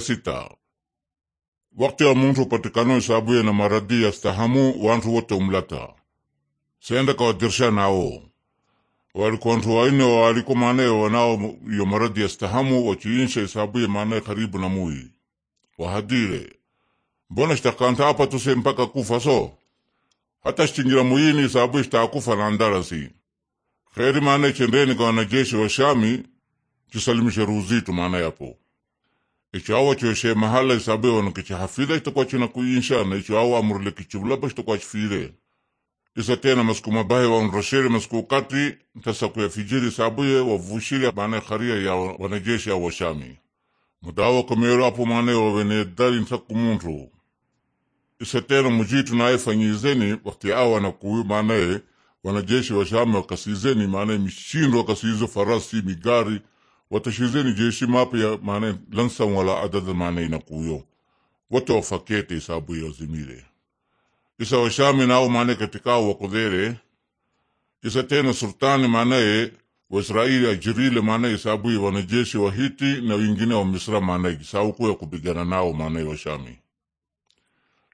sita wakati ya muntu upatikano isabuye na maradhi ya stahamu wantu wote umlata senda kawadirsha nao walikontu waine waliko maanaye wanao yo maradhi ya stahamu wachiinsha isaabuye maanaye karibu na mui wahadire mbona shitakanta apa tuse mpaka kufa so hata shitingira muyini isabuye shitakufa na ndarasi kheri maanaye chendeni kwa wanajeshi wa shami chisalimishe ruzitu maana yapo echo awa choeshe mahala isabe wano kichi hafidha itakuwa china kuinshana echo awa amurule kichi vulapa itakuwa chifire isa tena masku mabahe wanrosheri masku kati ntasa fijiri sabuye wavushiri maana haria ya wanajeshi awa shami mudawa komero apo maana wawenedari ntaku muntu isa tena mujitu naye fanyizeni wakti awa na kuyu maanaye wanajeshi wa shami wakasizeni maanaye mishindo wakasizo farasi migari watashireni jeshi mapya mane lansan wala adada mane inakuyo wafakete isabu ya zimire isa washami nao mane katika wakudhere isa tena sultani manaye waisraeli ajirile manaye isabu ya wanajeshi wa hiti na wengine wa misra manaye gisaukuya kupigana nao manaye washami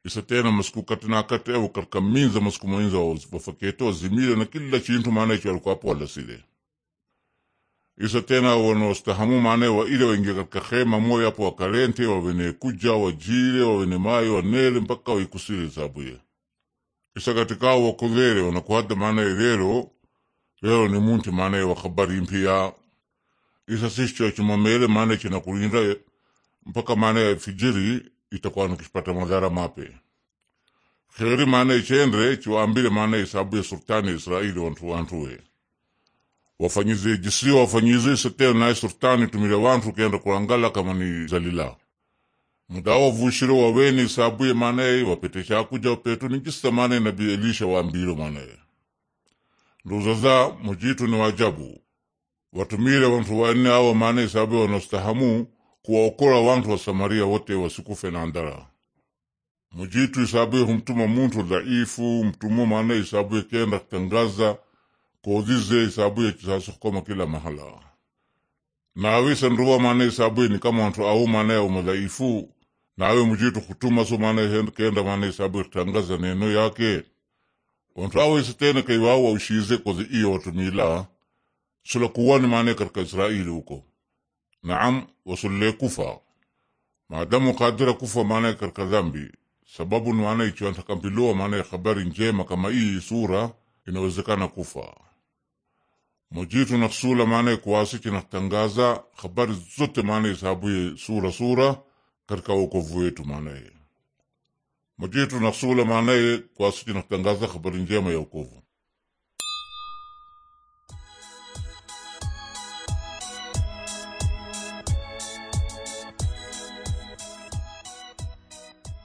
isa tena masiku katinakate au karkaminza masiku mwenza wafakete wazimire na kila chintu manaye chalikwapo walasile Isa tena wanaostahamu wa ile waingia katika hema moja hapo wakalente wawene kuja wajile wawene maye wanele mpaka waikusire zabuye. Isa katika wakulere wanakuhada maana lelo lelo ni munti muntu maana wakabari mpia. Isa sisho chumamele maana chinakulinda mpaka ya fijiri itakuwa nakishipata madhara mape. Kheri maana ichendre chiwaambile maana isabuye sultani Israeli wantuwe wafanyize jisio wafanyizise tena naye surtani tumile wantu kenda kulangala kama ni zalila muda wavushire waweni isabuye manaye wapetesha kuja wapetu ni jisa manaye nabii elisha waambiro manaye nduzaza mujitu ni wajabu watumire wantu wanne awa manaye isabuye wanastahamu kuwaokola wantu wa samaria wote wasikufe na ndara mujitu isabuye humtuma muntu dhaifu mtumu manaye isabuye kenda kutangaza kozize isabuye chisasukoma kila mahala nawise nruwa mane ni kama ntu au mane au nawe mujitu kutuma so mane kenda mane isabu tangaza neno yake ontu awise tena kaiwawa ushize kozi iyo watumila sula kuwani mane katika israeli huko naam wasulle kufa maadamu kadira kufa mane katika dhambi sababu ni mane ichiwantakampiloa mane habari njema kama ii sura inawezekana kufa mujitu na kusula maana kuwasiki na kutangaza habari zote maana sababu sura sura katika wokovu wetu maana mujitu na kusula maana kuwasiki na kutangaza habari njema ya wokovu